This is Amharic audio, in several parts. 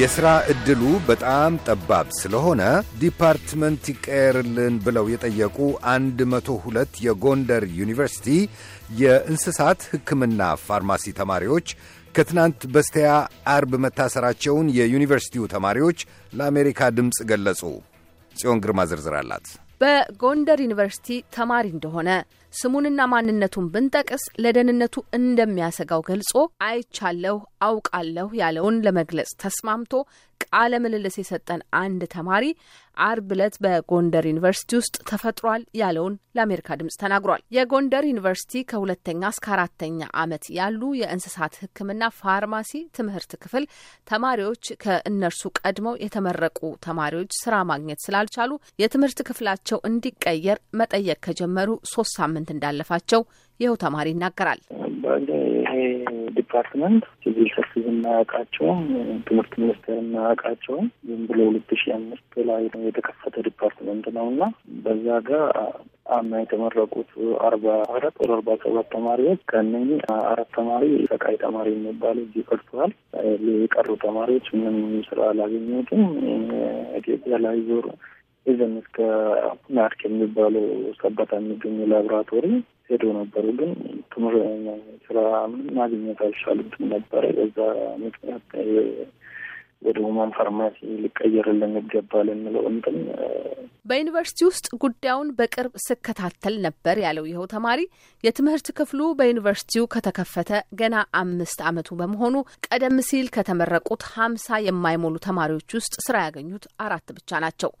የሥራ ዕድሉ በጣም ጠባብ ስለሆነ ዲፓርትመንት ይቀየርልን ብለው የጠየቁ 102 የጎንደር ዩኒቨርሲቲ የእንስሳት ሕክምና ፋርማሲ ተማሪዎች ከትናንት በስቲያ አርብ መታሰራቸውን የዩኒቨርሲቲው ተማሪዎች ለአሜሪካ ድምፅ ገለጹ። ጽዮን ግርማ ዝርዝር አላት። በጎንደር ዩኒቨርሲቲ ተማሪ እንደሆነ ስሙንና ማንነቱን ብንጠቅስ ለደህንነቱ እንደሚያሰጋው ገልጾ አይቻለሁ፣ አውቃለሁ ያለውን ለመግለጽ ተስማምቶ ቃለ ምልልስ የሰጠን አንድ ተማሪ አርብ ዕለት በጎንደር ዩኒቨርሲቲ ውስጥ ተፈጥሯል ያለውን ለአሜሪካ ድምጽ ተናግሯል። የጎንደር ዩኒቨርሲቲ ከሁለተኛ እስከ አራተኛ ዓመት ያሉ የእንስሳት ሕክምና ፋርማሲ ትምህርት ክፍል ተማሪዎች ከእነርሱ ቀድመው የተመረቁ ተማሪዎች ስራ ማግኘት ስላልቻሉ የትምህርት ክፍላቸው እንዲቀየር መጠየቅ ከጀመሩ ሶስት ሳምንት እንዳለፋቸው ይኸው ተማሪ ይናገራል። ዲፓርትመንት ሲቪል ሰርቪስ እናያውቃቸውም ትምህርት ሚኒስቴር እናያውቃቸውም ዝም ብሎ ሁለት ሺ አምስት ላይ ነው የተከፈተ ዲፓርትመንት ነው እና በዛ ጋር አምና የተመረቁት አርባ አራት ወደ አርባ ሰባት ተማሪዎች ከነኝ አራት ተማሪ ሰቃይ ተማሪ የሚባሉ እዚህ ቀርተዋል። የቀሩ ተማሪዎች ምንም ስራ አላገኘትም። ኢትዮጵያ ላይ ዞር ይዘን እስከ ናርክ የሚባለው ሰበታ የሚገኙ ላብራቶሪ ሄዶ ነበሩ ግን ስራ ማግኘት አልቻልኩም ነበረ። በዛ ምክንያት ወደ ሁማን ፋርማሲ ሊቀየርልን ይገባል የምለው እንትን በዩኒቨርሲቲ ውስጥ ጉዳዩን በቅርብ ስከታተል ነበር ያለው ይኸው ተማሪ የትምህርት ክፍሉ በዩኒቨርሲቲው ከተከፈተ ገና አምስት ዓመቱ በመሆኑ ቀደም ሲል ከተመረቁት ሀምሳ የማይሞሉ ተማሪዎች ውስጥ ስራ ያገኙት አራት ብቻ ናቸው።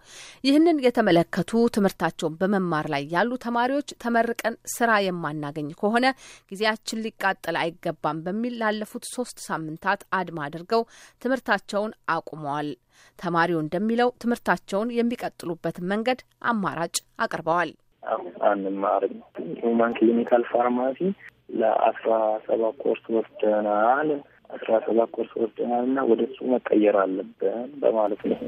ይህንን የተመለከቱ ትምህርታቸውን በመማር ላይ ያሉ ተማሪዎች ተመርቀን ስራ የማናገኝ ከሆነ ጊዜያችን ሊቃጠል አይገባም በሚል ላለፉት ሶስት ሳምንታት አድማ አድርገው ትምህርታቸውን ትምህርታቸውን አቁመዋል። ተማሪው እንደሚለው ትምህርታቸውን የሚቀጥሉበት መንገድ አማራጭ አቅርበዋል። አንማርም ሁማን ክሊኒካል ፋርማሲ ለአስራ ሰባት ኮርስ ወስደናል አስራ ሰባት ኮርስ ወስደናል እና ወደ እሱ መቀየር አለብን በማለት ነው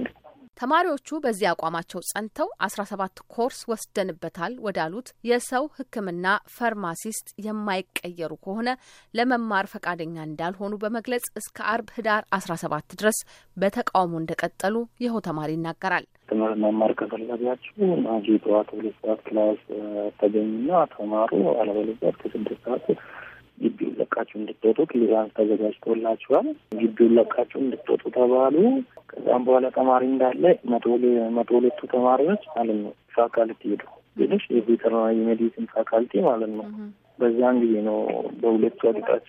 ተማሪዎቹ በዚህ አቋማቸው ጸንተው አስራ ሰባት ኮርስ ወስደንበታል ወዳሉት የሰው ሕክምና ፋርማሲስት የማይቀየሩ ከሆነ ለመማር ፈቃደኛ እንዳልሆኑ በመግለጽ እስከ አርብ ህዳር አስራ ሰባት ድረስ በተቃውሞ እንደቀጠሉ ይኸው ተማሪ ይናገራል። ትምህርት መማር ከፈለጋችሁ ማጂ ጠዋት ሁለት ሰዓት ክላስ ተገኙና ተማሩ፣ አለበለዚያ ከስድስት ሰዓት ግቢውን ለቃችሁ እንድትወጡ ክሊራንስ ተዘጋጅቶላችኋል፣ ግቢውን ለቃችሁ እንድትወጡ ተባሉ። ከዛም በኋላ ተማሪ እንዳለ መቶ ሁለቱ ተማሪዎች ማለት ነው ፋካልቲ ሄዱ ብልሽ የቬተርናሪ ሜዲሲን ፋካልቲ ማለት ነው በዛን ጊዜ ነው በሁለቱ አቅጣጫ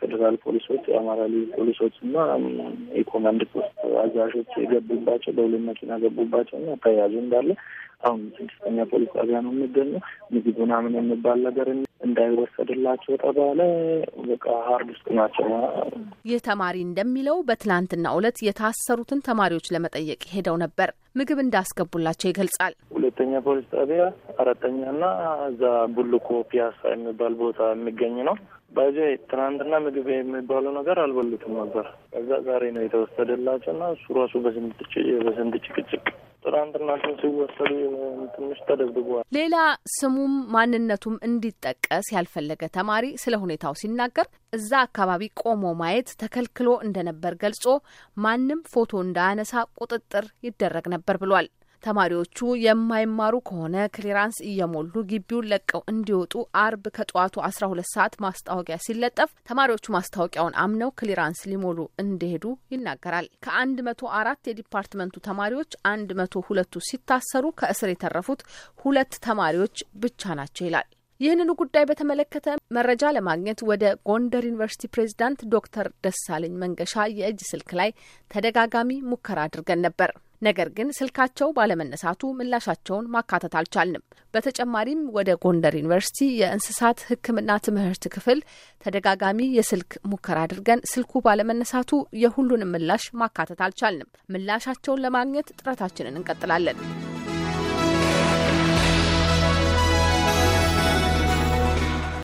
ፌዴራል ፖሊሶች፣ የአማራ ልዩ ፖሊሶች እና የኮማንድ ፖስት አዛዦች የገቡባቸው በሁለት መኪና ገቡባቸው እና ተያዙ እንዳለ አሁን ስድስተኛ ፖሊስ ጣቢያ ነው የሚገኘው። ምግብ ምናምን የሚባል ነገር እንዳይወሰድላቸው ተባለ። በቃ ሀርድ ውስጥ ናቸው። ይህ ተማሪ እንደሚለው በትናንትና ዕለት የታሰሩትን ተማሪዎች ለመጠየቅ ሄደው ነበር። ምግብ እንዳስገቡላቸው ይገልጻል። ሁለተኛ ፖሊስ ጣቢያ አራተኛ እና እዛ ቡልኮ ፒያሳ የሚባል ቦታ የሚገኝ ነው። ባዜ ትናንትና ምግብ የሚባለው ነገር አልበሉትም ነበር። ከዛ ዛሬ ነው የተወሰደላቸው እና እሱ ራሱ በስንት ጭቅጭቅ ትናንትና ሲወሰዱ ትንሽ ተደብድበዋል። ሌላ ስሙም ማንነቱም እንዲጠቀስ ያልፈለገ ተማሪ ስለ ሁኔታው ሲናገር እዛ አካባቢ ቆሞ ማየት ተከልክሎ እንደነበር ገልጾ ማንም ፎቶ እንዳያነሳ ቁጥጥር ይደረግ ነበር ብሏል። ተማሪዎቹ የማይማሩ ከሆነ ክሊራንስ እየሞሉ ግቢውን ለቀው እንዲወጡ አርብ ከጠዋቱ አስራ ሁለት ሰዓት ማስታወቂያ ሲለጠፍ ተማሪዎቹ ማስታወቂያውን አምነው ክሊራንስ ሊሞሉ እንደሄዱ ይናገራል። ከአንድ መቶ አራት የዲፓርትመንቱ ተማሪዎች አንድ መቶ ሁለቱ ሲታሰሩ ከእስር የተረፉት ሁለት ተማሪዎች ብቻ ናቸው ይላል። ይህንኑ ጉዳይ በተመለከተ መረጃ ለማግኘት ወደ ጎንደር ዩኒቨርሲቲ ፕሬዚዳንት ዶክተር ደሳለኝ መንገሻ የእጅ ስልክ ላይ ተደጋጋሚ ሙከራ አድርገን ነበር። ነገር ግን ስልካቸው ባለመነሳቱ ምላሻቸውን ማካተት አልቻልንም። በተጨማሪም ወደ ጎንደር ዩኒቨርሲቲ የእንስሳት ሕክምና ትምህርት ክፍል ተደጋጋሚ የስልክ ሙከራ አድርገን ስልኩ ባለመነሳቱ የሁሉንም ምላሽ ማካተት አልቻልንም። ምላሻቸውን ለማግኘት ጥረታችንን እንቀጥላለን።